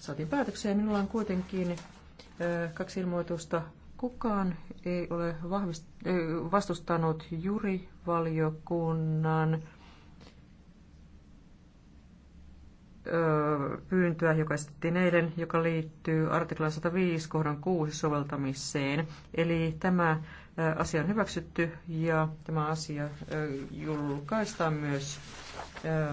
saatiin päätökseen. Minulla on kuitenkin kaksi ilmoitusta. Kukaan ei ole vahvist- vastustanut jurivaliokunnan pyyntöä, joka esitettiin eilen, joka liittyy artiklaan 105 kohdan 6 soveltamiseen. Eli tämä asia on hyväksytty ja tämä asia julkaistaan myös